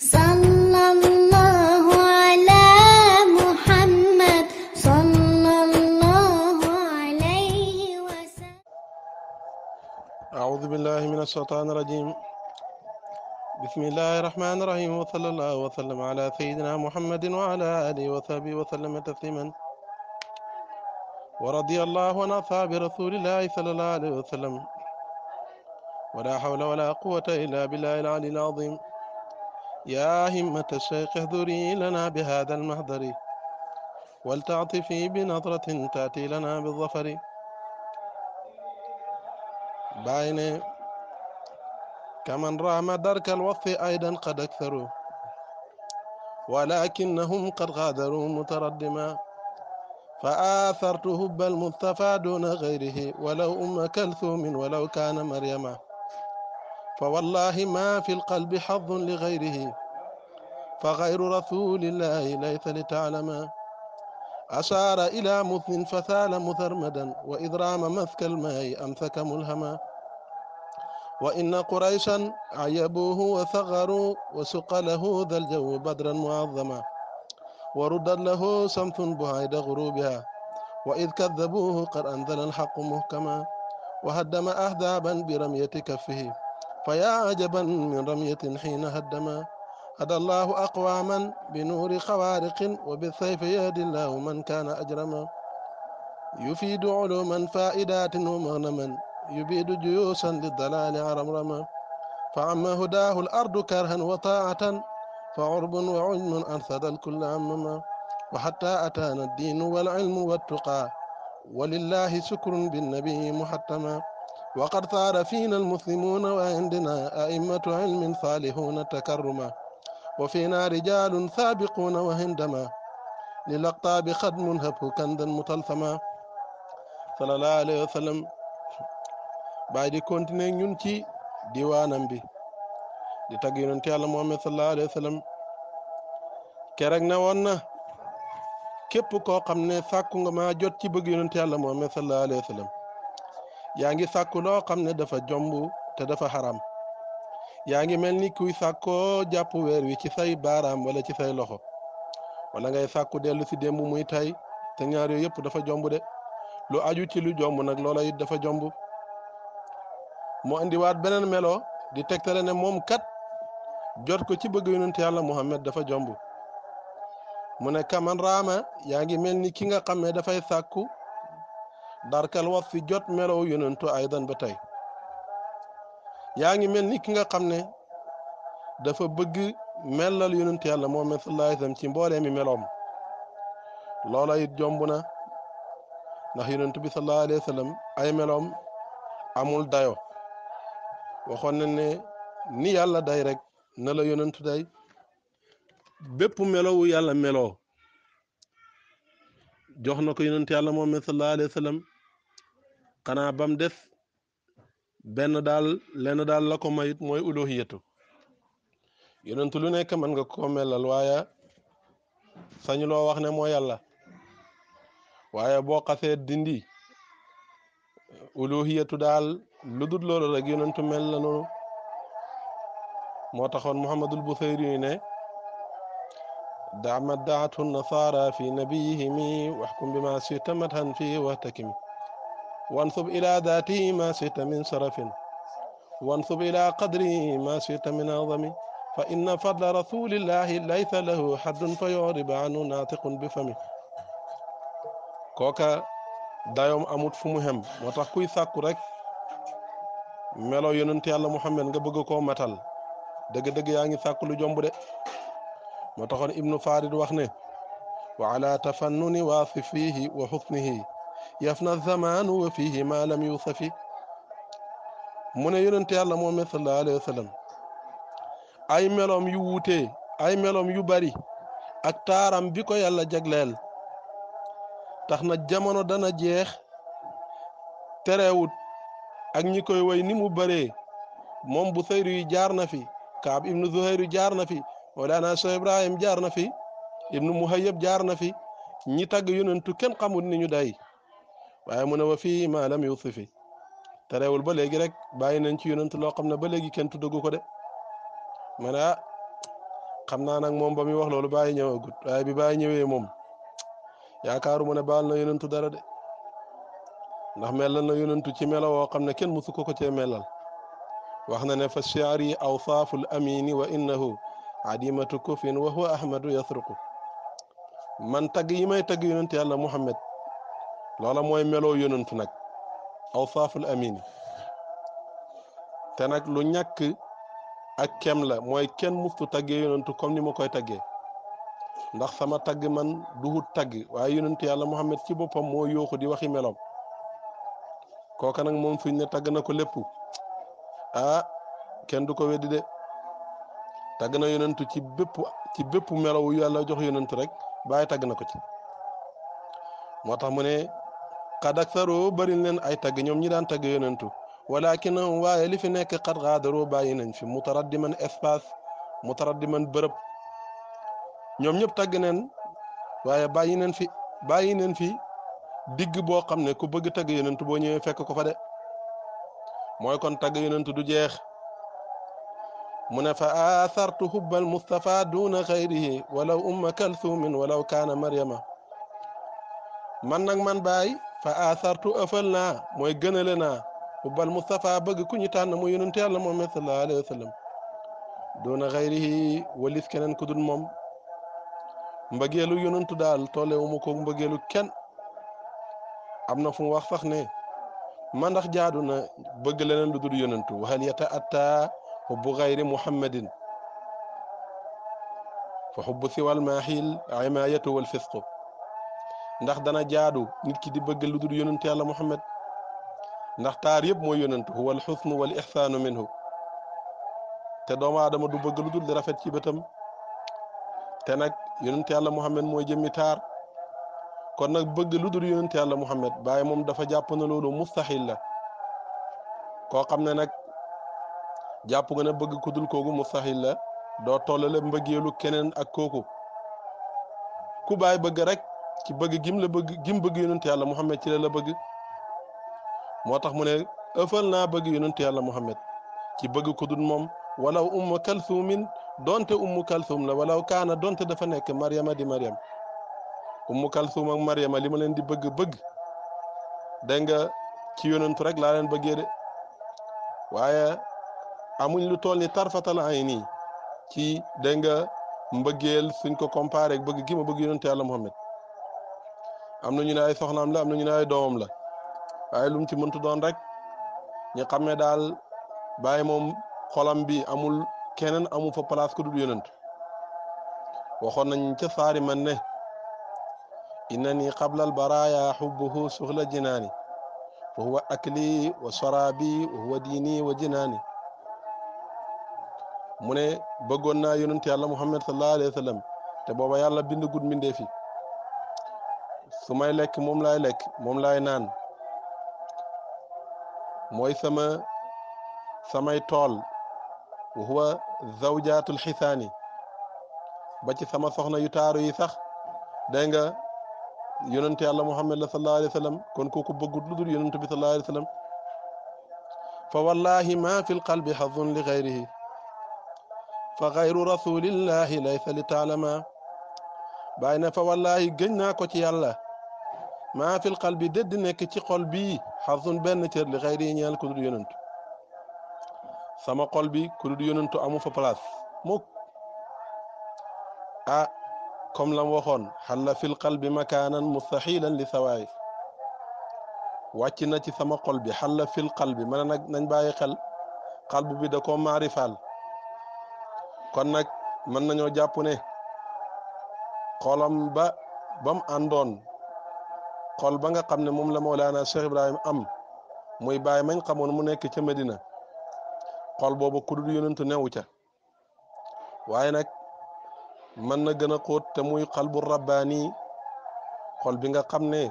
صلى الله على محمد صلى الله عليه وسلم أعوذ بالله من الشيطان الرجيم بسم الله الرحمن الرحيم وصلى الله وسلم على سيدنا محمد وعلى آله وصحبه وسلم تسليما ورضي الله عن أصحاب رسول الله صلى الله عليه وسلم ولا حول ولا قوة إلا بالله العلي العظيم يا همة الشيخ اهذري لنا بهذا المهذر ولتعطفي بنظرة تأتي لنا بالظفر بعيني كمن رام درك الوف أيضا قد أكثروا ولكنهم قد غادروا متردما فآثرت هب المصطفى دون غيره ولو أم كلثوم ولو كان مريما فوالله ما في القلب حظ لغيره فغير رسول الله ليس لتعلم أشار إلى مثن فثال مثرمدا وإذ رام مسك الماء أمسك ملهما وإن قريشا عيبوه وثغروا وسق له ذا الجو بدرا معظما ورد له سمث بعيد غروبها وإذ كذبوه قد أنزل الحق مهكما وهدم أهدابا برمية كفه فيا عجبا من رمية حين هدما هدى الله أقواما بنور خوارق وبالسيف يهدي الله من كان أجرما يفيد علوما فائدات ومغنما يبيد جيوسا للضلال عرمرما فعما هداه الأرض كرها وطاعة فعرب وعجم أنثد الكل عمما وحتى أتانا الدين والعلم والتقى ولله شكر بالنبي محتما وقد ثار فينا المسلمون وعندنا أئمة علم صالحون تكرما وفينا رجال سابقون وهندما للأقطاب قد منهب كندا متلثما صلى الله عليه وسلم بعد كنت ننتي ديوانا بي لتقين انتي على محمد صلى الله عليه وسلم كرقنا وانا كيبو كو قمنا ساكو ما جوتي بقين انتي على محمد صلى الله عليه وسلم yaa ngi sàkku loo xam ne dafa jomb te dafa xaram yaa ngi mel ni kuy sàkkoo jàpp weer wi ci say baaraam wala ci say loxo wala ngay sàkku dellu si démb muy tay te ñaar yooyu yëpp dafa jomb de lu aju ci lu jomb nag loola it dafa jomb mu andiwaat beneen melo di tegtale ne moom kat jot ko ci bëgg yonent yàlla Muhammad dafa jomb mu ne kaman raama yaa ngi mel ni ki nga xam ne dafay sàkku darkal waf si jot melow yonentu aydan ba tay yaa ngi mel ni ki nga xam ne dafa bëgg melal yonentu yàlla Muhammad sallallahu alayhi wa sallam ci mboolee mi meloom loola it jomb na ndax yonentu bi sallallahu alayhi wa sallam ay meloom amul dayo waxoon na ne ni yàlla day rek na la yonentu day bépp melowu yàlla meloo jox na ko yonentu yàlla Muhammad sallallahu alayhi wa sallam xanaa bam def benn daal lenn daal la ko mayit mooy uluhiyatu yonentu lu nekk man nga ko melal waaye sañu loo wax ne moo yàlla waaye boo xasee dindi uluhiyatu daal lu dul loolu rek yonentu mel la noonu moo taxoon muhammadul busayri ne دع ما النصارى في نبيهم واحكم بما شئت مدها فيه واهتكم wansub ila daati ma sita min sarafin wansub ila qadri ma sita min azami fa inna fadla rasulillahi laysa lahu haddun fa yuriba anhu naatiqun bi fami kooka dayoom amut fu mu xem moo tax kuy sàkku rek melo yonent yàlla muhammad nga bëgg koo matal dëgg-dëgg yaa ngi sàkku lu jomb de moo taxoon ibnu farid wax ne wa ala tafannuni waasifihi wa xusnihi yafna zamanu wa fihi ma lam yusafi mu ne yonente yàlla moom sallallahu alayhi wa sallam ay meloom yu wuutee ay meloom yu bari ak taaram bi ko yàlla jagleel tax na jamono dana jeex terewut ak ñi koy woy ni mu bëree moom bu sayru yi jaar na fi kaab ibnu zuhayru jaar na fi mawlaana cheikh ibrahim jaar na fi ibnu muhayyab jaar na fi ñi tagg yonentu kenn xamul ni ñu day waaye mu ne wa fii ma lam yusifi te ba léegi rek bàyyi nañ ci yonent loo xam ne ba léegi kenn tuddagu ko de ma ne ah xam naa nag moom ba muy wax loolu bàyyi ñëwagut waaye bi bàyyi ñëwee moom yaakaaru mu ne baal na yonentu dara de ndax mel na yonentu ci melo woo xam ne kenn musu ko ko cee melal wax na ne fa shiari awsaaful amini wa innahu adimatu kufin wa huwa ahmadu yasruqu man tagg yi may tagg yonent yàlla muhammad loola mooy meloo yonantu nag aw saaful amin te nag lu ñàkk ak kem la mooy kenn muftu taggee yonantu comme ni ma koy taggee ndax sama tagg man duhut tagg waaye yonantu yàlla Muhammad ci boppam moo yooxu di waxi meloom kooka nag moom fiñ ne tagg na ko lépp ah kenn du ko weddi de tagg na yonantu ci bépp ci bépp melow yàlla jox yonantu rek baay tagg na ko ci moo tax mu قد اكثروا برلن اي تاغ نيوم ني دان تاغ يوننتو ولكن واي لي في نيك قد غادروا باين في متردما اسباس متردما برب نيوم نيب تاغ نين واي باين في باين في ديغ بو خامن كو بغ تاغ يوننتو بو نيوي فك كو فا دي موي كون تاغ يوننتو دو جيخ من فآثرت حب المصطفى دون غيره ولو أم كلثوم ولو كان مريم من نك من باي فآثرت أفلنا موي لنا وبال مصطفى بغي كوني تان موي يونت يالا محمد صلى الله عليه وسلم دون غيره ولسكن كنن كودن موم مبغيلو يونت دال تولي ومكو مبغيلو كن امنا فم واخ فخني ما ندخ جادونا بغي لنن لودو يونت وهل اتا حب غير محمد فحب سوى الماحيل عمايته والفسق ndax dana jaadu nit ki di bëgg lu dul yonentu yàlla muhammad ndax taar yëpp mooy yonentu wal husn wal ihsan minhu te ma aadama du bëgg lu dul di rafet ci bëtam te nak yonent yàlla muhammad moy jëmi taar kon nak bëgg lu dul yàlla muhammad baye mom dafa jàpp na lolu mustahil la ko xamne nak jàpp nga na bëgg ku dul kooku mustahil la do tollale mbëggeelu kenen ak koku ku baye bëgg rek ci bëgg gim la bëgg gim bëgg yonent yàlla Muhammad ci la la bëgg moo tax mu ne ëffal naa bëgg yonent yàlla Muhammad ci bëgg ko dul moom walaw ummu kalsuumin donte ummu kalsuum la walaw kaana donte dafa nekk Mariama di Mariam ummu kalsuum ak Mariama li ma leen di bëgg bëgg dégg nga ci yonentu rek laa leen bëggee de waaye amuñ lu tool ni tarfatal ay nii ci dégg nga mbëggeel suñ ko comparé ak bëgg gi ma bëgg yonent yàlla Muhammad am na ñu ne ay soxnaam la am na ñu ne ay doomam la waaye lu mu ci mëntu doon rek ñu xamee daal bàyyi moom xolam bi amul keneen amu fa place ku dul yonent waxoon nañ ca saari man ne innani qabla al baraya xubbuhu suxla jinaani fa huwa akli wa soraabi wa huwa diini wa jinaani mu ne bëggoon naa yonent yàlla muhammad sallallahu alayhi wa sallam te booba yàlla bind gud mbindee fi su may lekk moom laay lekk moom laay naan mooy sama samay tool wa huwa zawjaatul xisaani ba ci sama soxna yu taaru yi sax dégg nga yonent yàlla muhammad la sallallahu alayhi wa sallam kon kooku bëggut lu dul yonent bi sallallahu alayhi wa sallam fa wallahi ma fi lqalbi xazun li gayrihi fa gayru rasulillahi laysa li taalama bàyyi na fa wallahi gëñ naa ko ci yàlla maa fil qalbi dëdd nekk ci xol bii xarsun benn cër li xëy di ñeel ku dul yonantu sama xol bi ku dul yonantu amu fa place mukk ah comme lam waxoon xalla fil qalbi makaanan mustaxilan li sawaay wàcc na ci sama xol bi xalla fil qalbi ma ne nag nañ bàyyi xel qalbu bi da koo maarifaal kon nag mën nañoo jàpp ne xolam ba bam àndoon xol ba nga xam ne moom la Mawlaana Cheikh Ibrahim am muy bàyyi mañ xamoon mu nekk ca Medina xol boobu ku dul yonentu newu ca waaye nag mën na gën a xóot te muy xal bu rabbaani xol bi nga xam ne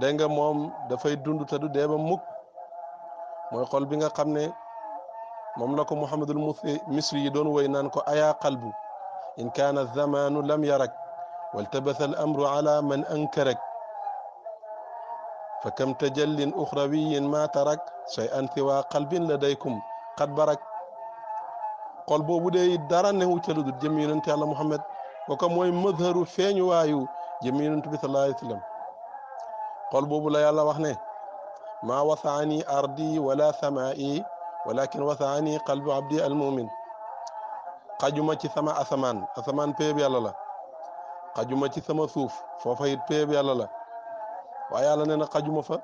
dégg nga moom dafay dund te du dee ba mukk mooy xol bi nga xam ne moom la ko Muhammadul Misri yi doon woy naan ko ayaa qalbu in kaana zamanu lam yarak waltabasa al amru ala man ankarak فكم تجل أخروي ما ترك شيئا سوى قلب لديكم قد برك قلبو بودي دارا نهو تلود جميل انت على محمد وكم وي مظهر فين وايو جميل انت بث الله يسلم قلبو بلا يالا وحنه ما وسعني أرضي ولا سمائي ولكن وسعني قلب عبدي المؤمن قجمة سما أثمان أثمان بيبي الله قجمة سما صوف ففايد بيبي الله waye yalla neena xajuma fa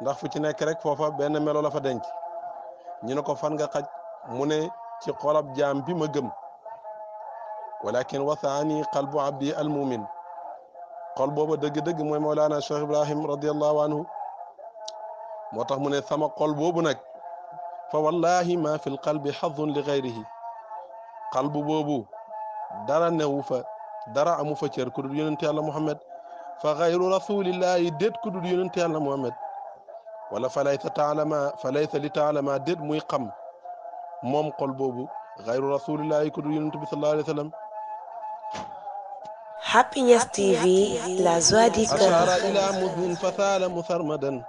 ndax fu ci nek rek fofa ben melo ولكن وثاني قلب عبد المؤمن قلب بابا دغ دغ موي مولانا شيخ ابراهيم رضي الله عنه موتاخ مو ني سما قلب بوبو نك فوالله ما في القلب حظ لغيره قلب بوبو دارا نيو فا دارا امو محمد فغير رسول الله ديت كدود يونت يالا محمد ولا فليت تعلم فليت لتعلم ديت موي خم موم خول بوبو غير رسول الله كدود يونت بي صلى الله عليه وسلم Happiness TV, la Zwadi أشار إلى مذ فثال مثرمدا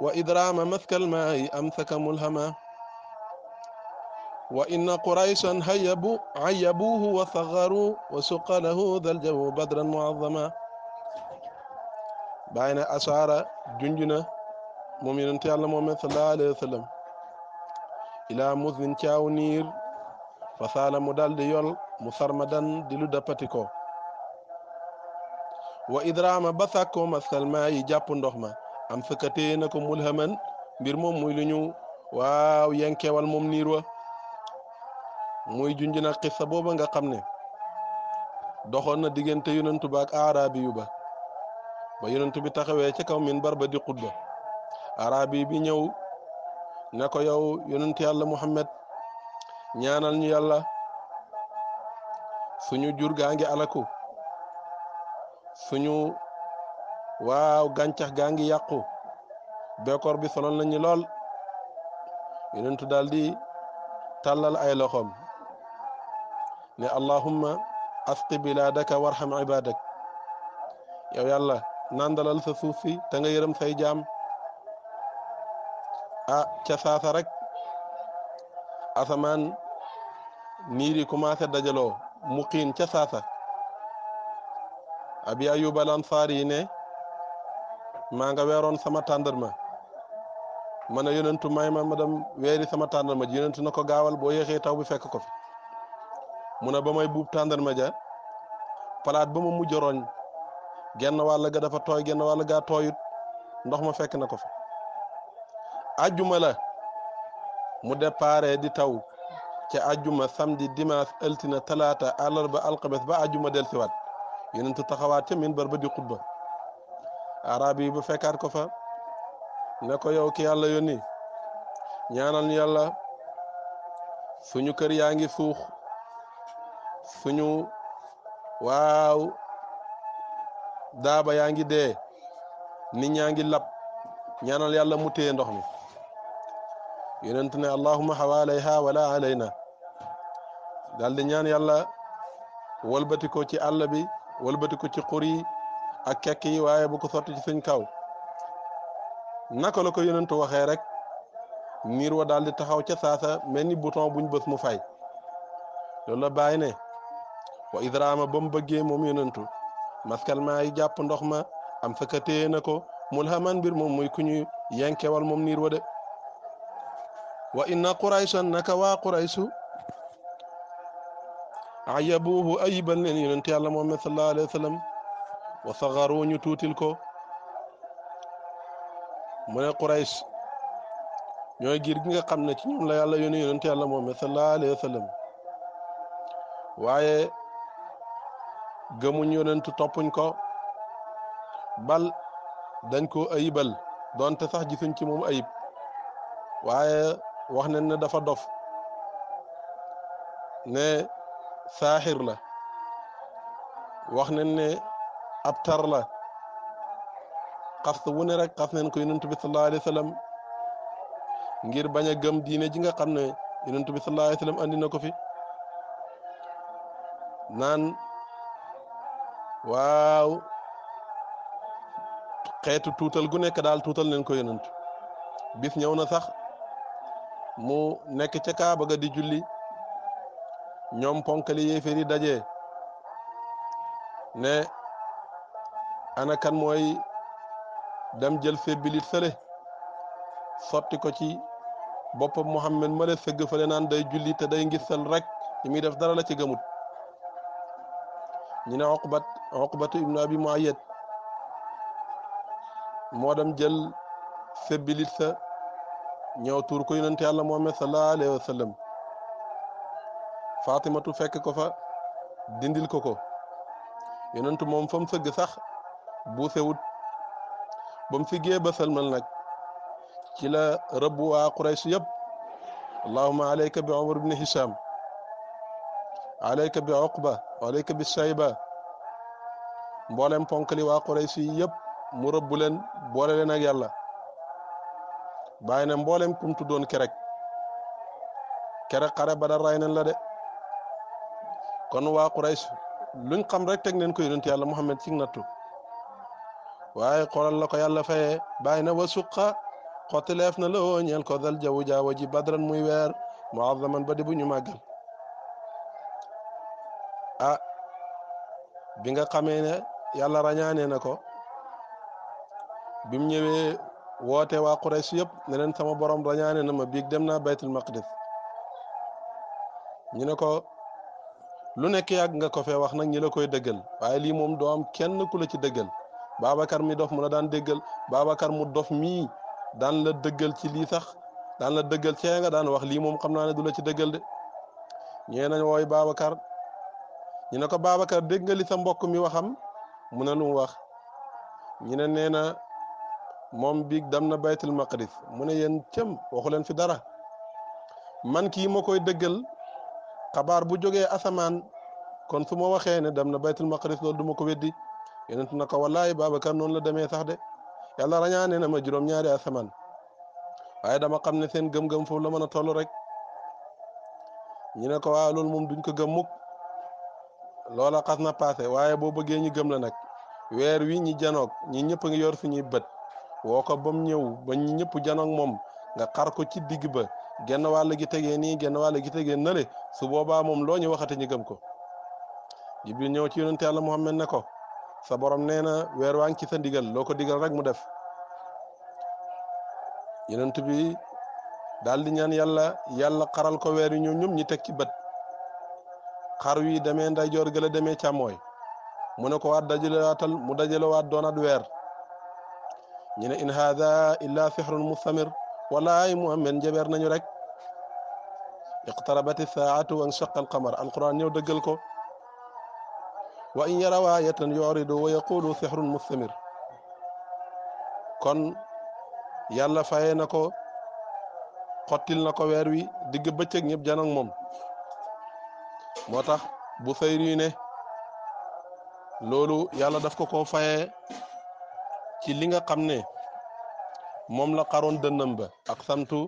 وإدرام مثك الماء أمثك ملهما وإن قريشا هيبوا عيبوه وثغروا وسق له ذا الجو بدرا معظما بين أشعر جنجنا مؤمن تعلم ومن صلى الله عليه وسلم إلى مذن تاو نير فصال مدال ديول مصرمدا ديلو دباتيكو وإدرام بثاكو مسال ما يجابون دخما أم سكتينكم ملهما بير موم ويلنيو واو ينكي والموم نيروه muy junj na xissa booba nga xam ne doxoon na diggante yonentu ba ak arabi yu ba ba yonentu bi taxawee ci kaw min barba di arabi bi ñëw ne ko yow yàlla muhammad ñaanal ñu yàlla suñu jur gaa ngi alaku suñu waaw gàncax gaa ngi yàqu bekkoor bi sonal nañu lool yonentu daldi di ay loxom ne allahumma asqi bilaadaka warham ibadak yow yàlla nandalal sa suuf si te nga yërëm say jaam ah ca saasa rek asamaan niir yi commencé dajaloo mu xiin ca saasa abi ayub al ansaar yi ne maa nga weeroon sama tàndarma ma ne yonentu may ma ma dem weeri sama tàndarma ji yonentu na ko gaawal boo yéexee taw bi fekk ko fi mu ne ba may buub tàndarma ja palaat ba ma mujj roñ genn wàll ga dafa tooy genn walla gaa tooyut ndox ma fekk na ko fa ajjuma mu déparé di taw ca ajjuma samedi dimanche altine talaata àllarba alxames ba ajjuma delsiwaat yonentu taxawaat ca minbar ba di xutba arab yi bu fekkaat ko fa ne ko yow ki yàlla yónni ñaanal yàlla suñu kër yaa ngi suux suñu waaw daaba yaa ngi dee nit ñaa ngi lab ñaanal yàlla mu téye ndox mi yonent ne allahuma xawaalayha wala alayna daal ñaan yàlla walbati ci àll bi walbati ci xur yi ak kekk waaye bu ko sotti ci suñ kaw naka la ko yonent waxee rek niir wa daal taxaw ca saasa mel ni bouton buñ bës mu fay loolu la ne wa idrama bam mu mom yonentu maskal ma yi jàpp ndox ma am saka téye na mulhaman bir mom muy kuñu ñuy yenkewal moom niir wa wa inna quraishan naka wa quraishu ayabuuhu ayibal leen yonent yàlla moom sallallahu alayhi wa sallam wa saxaru ñu tuutil ko mu giir gi nga xamne ci ñoom la yàlla yónni yonent yàlla moom sallallahu alayhi wasallam waye gëmuñ yonent toppuñ ko bal dañ ko ayibal donte sax gisuñ ci moom ayib waaye wax nañ ne dafa dof ne saaxir la wax nañ ne ab tar la xas wu ne rek xas nañ ko yonent bi sallallahu alayhi wa sallam ngir bañ a gëm diine ji nga xam ne yonent bi sallallahu alayhi wa sallam andi na ko fi naan waaw xeetu tuutal gu nekk daal tuutal nañ ko yonent bis ñëw na sax mu nekk ca Kaaba ga di julli ñoom ponkali yéeféer yi daje ne ana kan mooy dam jël sebbilit sële sotti ko ci boppam Muhammad male sëgg fële naan day julli te day ngisal rek li muy def dara la ci gëmut ñu ne oqbat عقبة بن أبي معيط مودم جل سبيلث نيو توركو يونت الله محمد صلى الله عليه وسلم فاطمة فك كوفا دندل كوكو يونت موم فم سغ صح بوثيوت بام في جي بسل مل نك كي لا ربوا قريش يب اللهم عليك بعمر بن هشام عليك بعقبة عليك بالشيبه mboolem ponk li waa Quraysh yi yëpp mu rëbbu leen boole leen ak yàlla bàyyi na mboolem kum tuddoon kerek kerek xare ba dara ray nañ la de kon waa Quraysh luñ xam rek teg nañ ko yonent yàlla Muhammad ci nattu waaye xoolal la ko yàlla fayee bàyyi na wa suqa xotileef na la oo ñeel ko dal jaww jaawa ji badran muy weer muazaman ba di bu ñu màggal ah bi nga ne yàlla rañaanee na ko bi mu ñëwee woote waa Quraysh yëpp ne sama borom rañaanee na ma big dem naa baytul maqdis ñu ne ko lu nekk yàgg nga ko fee wax nag ñi la koy dëggal waaye lii moom doom kenn ku la ci dëggal Babacar mi dof mu la daan dëggal Babacar mu dof mii daan la dëggël ci li sax daan la dëggël cee nga daan wax lii moom xam naa ne du ci dëggal de ñee nañ wooy Babacar ñu ne ko Babacar dégg sa mbokk mi waxam mun na nu wax ñu ne nee na moom biig dem na baytul maqdis mu ne yen cëm waxu leen fi dara man kii ma koy dëggal xabaar bu jógee asamaan kon su ma waxee ne dem na baytul maqdis loolu du ma ko weddi yonent na ko wallaay Babacar noonu la demee sax de yàlla rañaane na ma juróom-ñaari asamaan waaye dama xam ne seen gëm-gëm foofu la mën a toll rek ñu ne ko waaw moom duñ ko gëm mukk loola xas na passé waaye boo bëggee ñu gëm la nag weer wi ñi janoog ñi ñëpp nga yor suñuy bët woo ko ba ñëw ba ñi ñëpp janoog moom nga xar ko ci digg ba genn wàll gi tegee nii genn wàll gi tegee nale su boobaa moom loo ñu waxate ñu gëm ko jibril ñëw ci yonente yàlla muhammad ne ko sa borom nee na weer waa ngi ci sa ndigal loo ko digal rek mu def yonent bi daal di ñaan yàlla yàlla xaral ko weer ñi teg ci bët xar wi demee ndeyjoor gëla demee càmmooy mu ne ko waat dajalewaatal mu dajalewaat doonaat weer ñu ne in haada illa sihrun mustamir walaay muhammed njabeer nañu rek iqtarabati saatu wa nchaqa alqamar alquran ñëw dëggal ko wa in yaraw aayatan yuridu wa yaqulu sihrun mustamir kon yàlla fayee na ko xottil na ko weer wi digg bëccëg ñëpp janoog moom moo tax bu fayri ne loolu yàlla daf ko ko fayee ci li nga xam ne moom la xaroon dënnam ba aqsamtu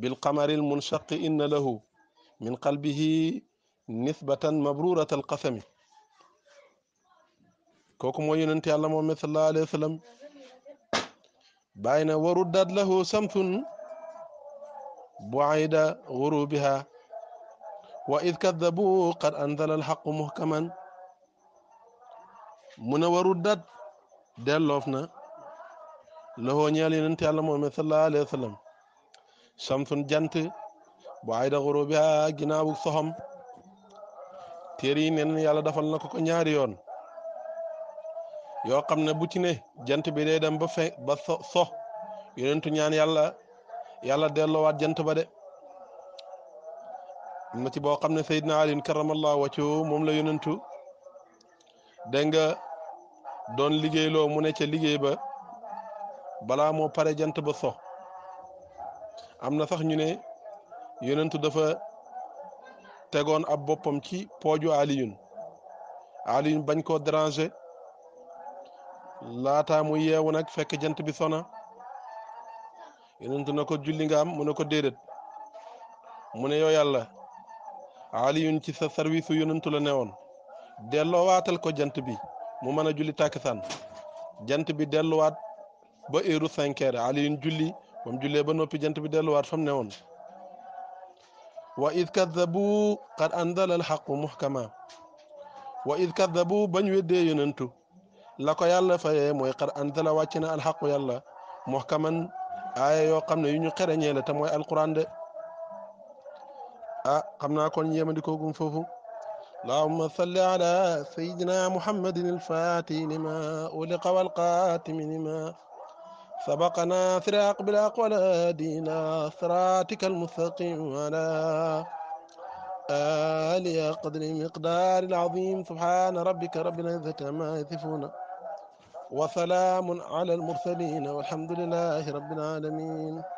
bil qamaril munshaqi inna lahu min qalbihi nisbatan mabrurat al qasami kooku mooy yonent yàlla moom sallallahu alayhi wa sallam bàyyi na waruddat lahu samtun buayda gurubiha وإذ كذبوا قد أنزل الحق مهكما من وردت دلوفنا له نيالي ننت على محمد صلى الله عليه وسلم شمس جنت بعيد غروبها جناب صهم تيري نين يالا دفال نكو كو نيار يون يو خامنا بوتي ني جنت بي دي دم با با صو يونت نيان يالا يالا دلو وات جنت با دي am na ci boo xam ne Seydina Alioune karamallahu wajhu moom la yonentu dégg nga doon liggéeyloo mu ne ca liggéey ba balaa moo pare jant ba so am na sax ñu ne yonentu dafa tegoon ab boppam ci pooju Alioune Alioune bañ koo déranger laataa mu yeewu nag fekk jant bi sona yonentu na ko julli nga mu ne ko déedéet mu ne yow yàlla aliyun ci sa service yonentu la newoon delloowaatal ko jant bi mu mën julli tàkkusaan jant bi delluwaat ba heure cinq heures aliyun julli moom jullee ba noppi jant bi delluwaat fam newoon wa id kaddabu qad anzala alxaqu muhkama wa id kaddabu bañ weddee yonentu la ko yàlla fayee mooy qad anzala wàcc na alxaqu yàlla muhkaman aaya yoo xam ne yu ñu xereñee la te mooy de ah xam naa kon yéemandikoogum اللهم صل على سيدنا محمد الفاتي لما أولق والقاتم لما سبق ناصر أقبل أقوال دينا صراطك المستقيم على آل قدر مقدار العظيم سبحان ربك رب العزة ما يصفون وسلام على المرسلين والحمد لله رب العالمين